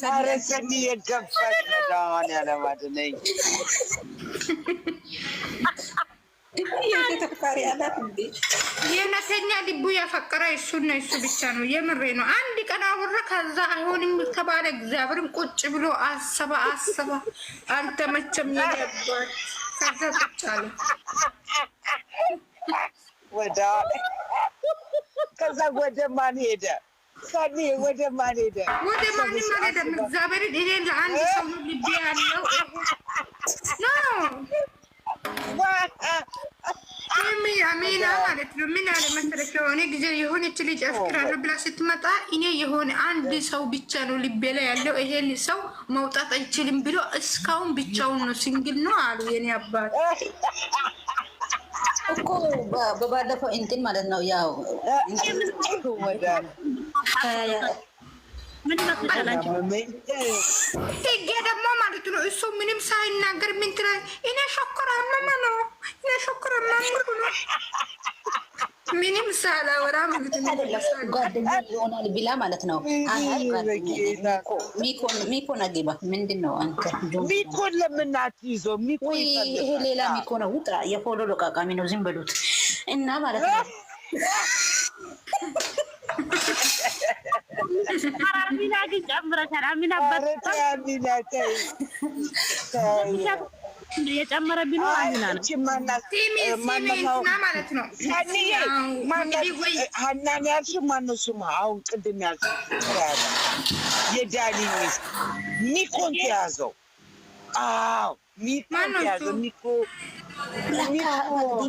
ታረሰኒ የገባች መዳማን ያለማድ ነኝ የእውነተኛ ልቡ ያፈቀረ እሱና እሱ ብቻ ነው። የምሬ ነው። አንድ ቀን አወራ ከዛ አይሆንም ከባለ እግዚአብሔርም ቁጭ ብሎ አሰባ አሰባ አልተመቸም። የገባት ከዛ ቁጭ አለ ከዛ ወደ ማን ሄደ? ከኔ ወደ ማን ሄደ? ወደ ማንም አልሄደም። እግዚአብሔርን እኔ ለአንድ ሰው ነው ልቤ ያለው አሜና ማለት ነው። ምን አለ መሰለሽ የሆነ ጊዜ የሆነች ልጅ አፍቅራለሁ ብላ ስትመጣ እኔ የሆነ አንድ ሰው ብቻ ነው ልቤ ላይ ያለው ይሄን ሰው መውጣት አይችልም ብሎ እስካሁን ብቻውን ነው ሲንግል ነው አሉ የኔ አባት እኮ በባለፈው እንትን ማለት ነው ያው ሄጌ ደግሞ ማለት ነው እሱ ምንም ሳይናገር ምንትላ እኔ ሸኮራማ ነው እኔ ሸኮራማ ነው ምንም ሳላወራም ጓደኛ ይሆናል ብላ ማለት ነው። ሚኮን አገባ ምንድን ነው አንተ ሚኮን ለምናት ይዞ ይሄ ሌላ ሚኮ ነው። ውጣ የፖሎ ለቃቃሚ ነው። ዝም በሉት እና ማለት ነው አሚና ግን ጨምረሻል። አሚና ባት ሚሻ የጨመረ ቢኖር አሚና ነው ማለት ነው። ሀናን ያልሽው ማነው ስሟ? አሁን ቅድም ያልሽው የዳኒ ሚስት ሚኮን ተያዘው። አዎ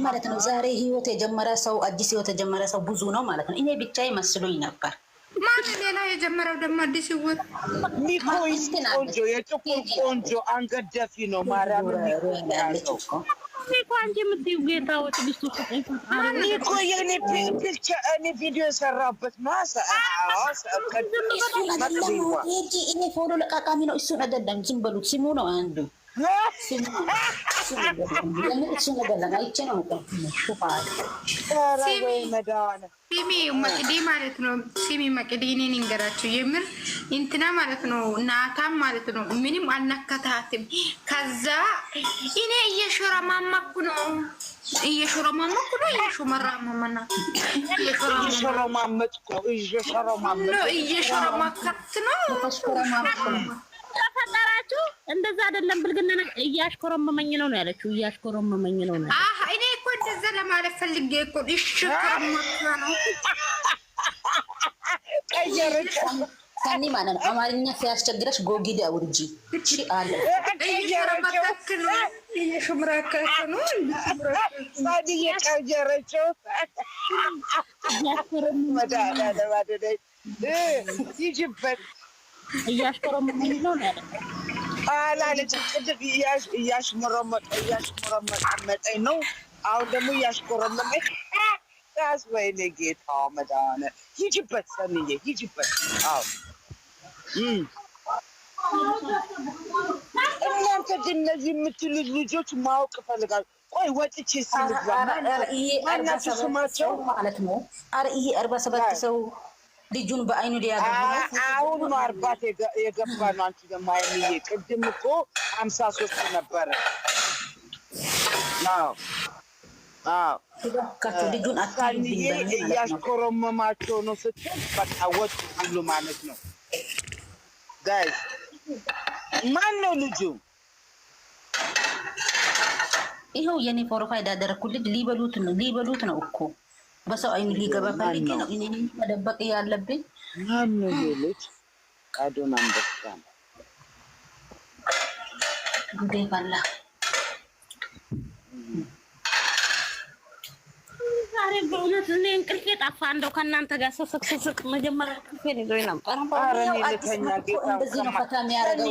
ማለት ነው። ዛሬ ህይወት የጀመረ ሰው አዲስ ህይወት የጀመረ ሰው ብዙ ነው ማለት ነው። እኔ ብቻ ይመስሉኝ ነበር። ማን ሌላ የጀመረው ደግሞ አዲስ ይወት ሚኮ ቆንጆ የጥቁር ቆንጆ አንገት ደፊ ነው። ማርያም ሚኮ አንቺ የምትዩ ጌታ ወትግስቱ ሚኮ የኔ እኔ ቪዲዮ የሰራበት ፎሎ ለቃቃሚ ነው። እሱን አይደለም ዝም በሉት ስሙ ነው አንዱ ሲሚ መቅዲ ማለት ነው። ሲሚ መቅዲ እኔ ንገራችሁ የምር እንትና ማለት ነው። ናታም ማለት ነው። ምንም አልነከታትም። ከዛ እኔ እየሾረማማኩ ነው እየሾረማመኩ ነው እየሾመራመመና እየሾረማመኩ ነው እየሾረማከት ነው ያለችው እንደዛ አይደለም። ብልግና እያሽኮረመመኝ ነው ነው ያለችው። እያሽኮረመመኝ ነው ነው። አህ እኔ እኮ እንደዛ ለማለት ፈልጌ እኮ እሺ፣ ነው ቀየረች። ማለት ነው አማርኛ ሲያስቸግረሽ ጎጊዳ ውርጂ እቺ አለ እያሽኮረመመኝ ነው ነው ያለችው አላለችም። ቅድም እያሽመረመጠኝ ነው። አሁን ደግሞ እያሽቆረመጠኝ ራስ። ወይኔ ጌታ መዳነ ሂጅበት፣ ሰሚዬ ሂጅበት። እናንተ ግን እነዚህ የምትሉት ልጆች ማወቅ እፈልጋለሁ። ቆይ ወጥቼ ሲልግባ ናቸው ስማቸው ማለት ነው። አርኢዬ አርባ ሰባት ሰው ልጁን በአይኑ ሊያገኘ አሁን ነው አርባት የገባ ነው። አንቺ ደግሞ አይንዬ ቅድም እኮ ሀምሳ ሶስት ነበረ። ልጁን እያሽኮረመማቸው ነው ስትል በቃ ሁሉ ማለት ነው። ጋይ ማን ነው ልጁ? ይኸው የኔ ፕሮፋይል ያደረግኩት ልጅ ሊበሉት ነው ሊበሉት ነው እኮ በሰው አይን ሊገባ ፈልጌ ነው እኔ መደበቅ ያለብኝ። ማን ልጅ አዶን አንበሳ ነው ጉዴ ባላ። ዛሬ በእውነት እኔ እንቅልፌ ጠፋ። እንደው ከእናንተ ጋር ስስቅ ስስቅ መጀመሪያ እንቅልፌን ይዞኝ ነበር። እንደዚህ ነው ፈታ የሚያደርገው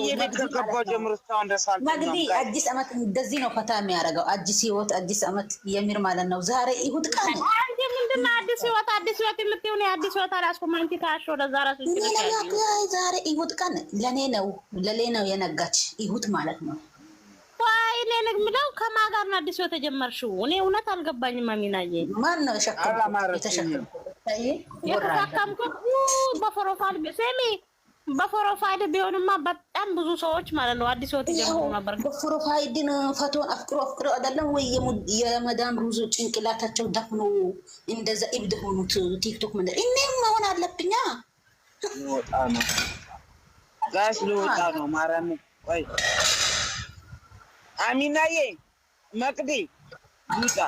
መግቢ። አዲስ ዓመት እንደዚህ ነው ፈታ የሚያደርገው። አዲስ ህይወት፣ አዲስ ዓመት የምር ማለት ነው ዛሬ ይሁድ ቀን ትናንትና አዲስ ህይወት አዲስ ህይወት የምትይው ነው። አዲስ ህይወት አላስኩም። አንቺ ታሽ ወደዛ ራሱ ዛሬ ይሁት ቀን ለኔ ነው ለሌ ነው የነጋች ይሁት ማለት ነው። ቆይ እኔ የምለው ከማን ጋር ነው አዲስ ህይወት የጀመርሽው? እኔ እውነት አልገባኝም። አሚናዬ ማን ነው የሸከምኩት? የተሸከምኩት በፕሮፋይል ስሜ በፕሮፋይል ቢሆንማ በጣም ብዙ ሰዎች ማለት ነው አዲስ ወት ጀምሮ ነበር። በፕሮፋይልን ፈቶን አፍቅሮ አፍቅሮ አይደለም ወይ የመዳም ሩዙ ጭንቅላታቸው ደፍኖ እንደዛ እብድ ሆኑት። ቲክቶክ መንደር እኔም መሆን አለብኛ ወጣ ነው ጋሽ ልወጣ ነው። ማርያም ወይ አሚናዬ መቅዲ ውጣ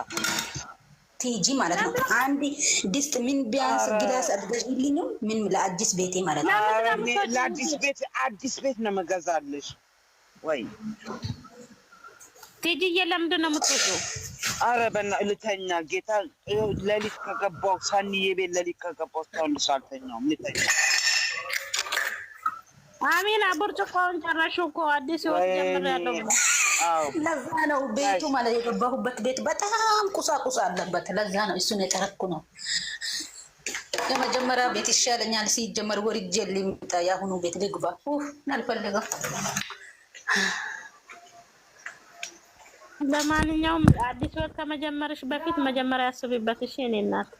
ቲጂ ማለት ነው። አንድ ድስት ምን ቢያንስ ግላስ አትገዥልኝ? ምን ለአዲስ ቤቴ ማለት ነው። ለአዲስ ቤት አዲስ ቤት ነው መገዛለሽ ወይ ቲጂ? ለምንድን ነው የምትወጪው? አረ በእናትሽ ልተኛ ጌታ። ለሊት ከገባው ሳኒ ቤት ለሊት ከገባው እስካሁን አልተኛውም። ልተኛ አሚና። ብርጭቆውን ጨረሽው እኮ አዲስ ህይወት ጀምሬያለሁ ብለህ ለዛ ነው ቤቱ ማለት የገባሁበት ቤት በጣም ቁሳቁስ አለበት። ለዛ ነው እሱን የጠረኩ ነው። የመጀመሪያ ቤት ይሻለኛል። ሲጀመር ወርጄ ሊምጣ የአሁኑ ቤት ልግባ አልፈልገም። ለማንኛውም አዲስ ወር ከመጀመርሽ በፊት መጀመሪያ ያስብበት። እሺ እኔ እናት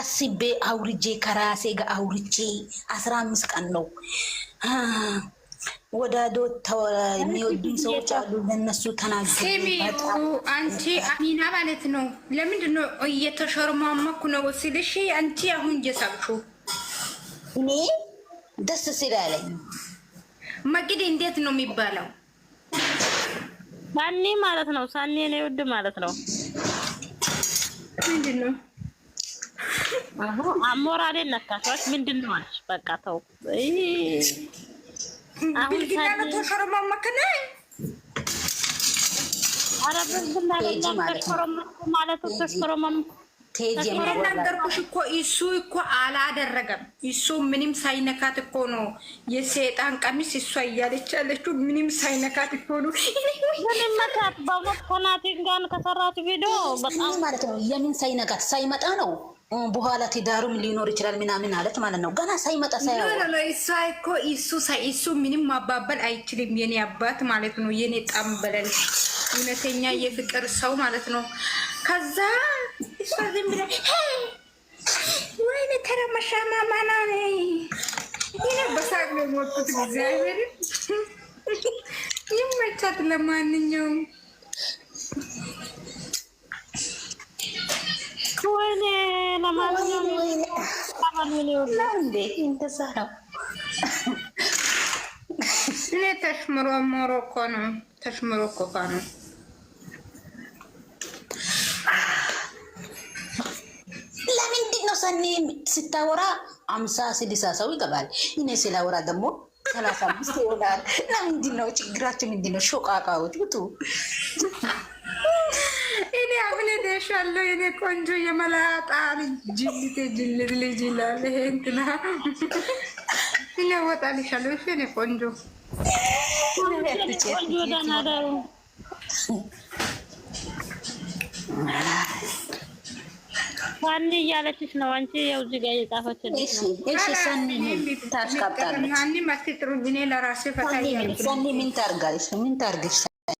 አስቤ አውርጄ ከራሴ ጋር አውርጄ አስራ አምስት ቀን ነው ወዳዶ የሚወዱን ሰዎች አሉ። ለነሱ ተናግሪው አንቺ አሚና ማለት ነው። ለምንድን ነው እየተሸርማመኩ ነው ስልሽ አንቺ አሁን ጀሳብሹ እኔ ደስ ስላለኝ መግድ እንዴት ነው የሚባለው? ሳኒ ማለት ነው። ሳኒ እኔ ውድ ማለት ነው። ምንድን ነው አሁን አሞራሌ ነካቷች። ምንድን ነው አለሽ? በቃ ተው አሁን ነገርኩሽ እኮ እሱ እኮ አላደረገም። እሱ ምንም ሳይነካት እኮ ነው የሴጣን ቀሚስ እሷ እያለች ያለችው ምንም ሳይነካት እኮ ነው። የምን ሳይነካት ሳይመጣ ነው በኋላ ትዳሩም ሊኖር ይችላል ምናምን አለት ማለት ነው። ገና ሳይመጣ እሷ እኮ እሱ እሱ ምንም ማባበል አይችልም። የኔ አባት ማለት ነው። የኔ ጣም በለል እውነተኛ የፍቅር ሰው ማለት ነው ከዛ እሷ ዝም ብላ ወይኔ ተረመሻ ማማና ይነ በሳቅ ነው የሞጡት። እግዚአብሔር ይመቻት። ለማንኛውም ወይኔ ለማንኛውም እንደዛ ነው። እኔ ተሽምሮ ሞሮኮ ነው ተሽምሮ ኮፋ ነው ሰኒ ስታወራ አምሳ ስድሳ ሰው ይገባል። እኔ ስላወራ ደግሞ ሰላሳ አምስት ይሆናል። እና ምንድን ነው ችግራችሁ? ምንድን ነው ሾቃቃዎች? ውጡ። እኔ አሁን እደሻለሁ። የኔ ቆንጆ የመላጣ ጅልቴ ጅልል ልጅ ይላል ይሄ እንትና እኔ እወጣልሻለሁ። እሺ የኔ ቆንጆ ቆንጆ ደህና ደሩ ሳኒ እያለችሽ ነው። አንቺ ያው እዚህ ጋር የጻፈችልሽ ነው። እሺ ሳኒ ታስቀጣለች። ሳኒ ምን ታርጋለች? ምን ታርግሽ?